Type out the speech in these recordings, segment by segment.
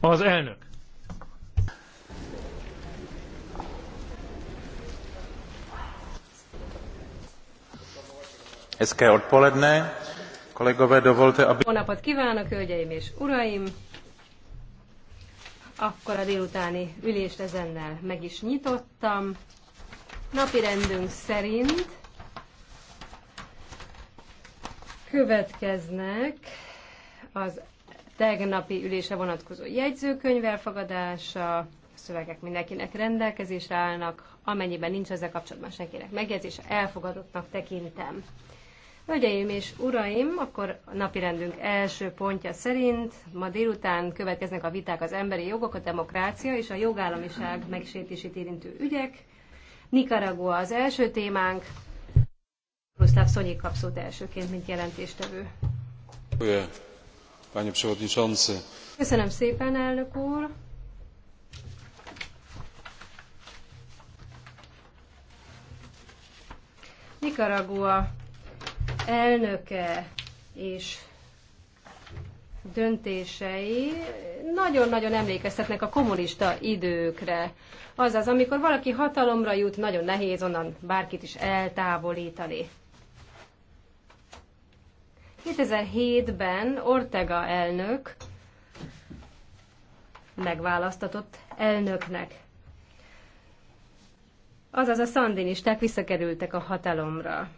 Az elnök. Hezké odpoledne. Kolegové, dovolte, aby... Jó napot kívánok, hölgyeim és uraim! Akkor a délutáni ülést ezennel meg is nyitottam. Napi rendünk szerint következnek az tegnapi ülése vonatkozó jegyzőkönyv elfogadása, a szövegek mindenkinek rendelkezésre állnak, amennyiben nincs ezzel kapcsolatban senkinek megjegyzése, elfogadottnak tekintem. Hölgyeim és uraim, akkor a rendünk első pontja szerint ma délután következnek a viták az emberi jogok, a demokrácia és a jogállamiság megsértését érintő ügyek. Nicaragua az első témánk. Ruszláv Szonyi kapszót elsőként, mint jelentéstevő. Yeah panie przewodniczący! szépen, Nicaragua elnöke és döntései nagyon-nagyon emlékeztetnek a kommunista időkre. Azaz, amikor valaki hatalomra jut, nagyon nehéz onnan bárkit is eltávolítani. 2007-ben Ortega elnök megválasztatott elnöknek. Azaz a szandinisták visszakerültek a hatalomra.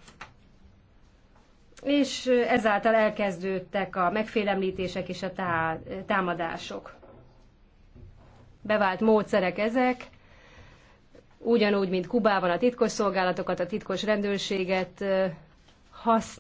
És ezáltal elkezdődtek a megfélemlítések és a tá- támadások. Bevált módszerek ezek, ugyanúgy, mint Kubában a titkos szolgálatokat, a titkos rendőrséget használják.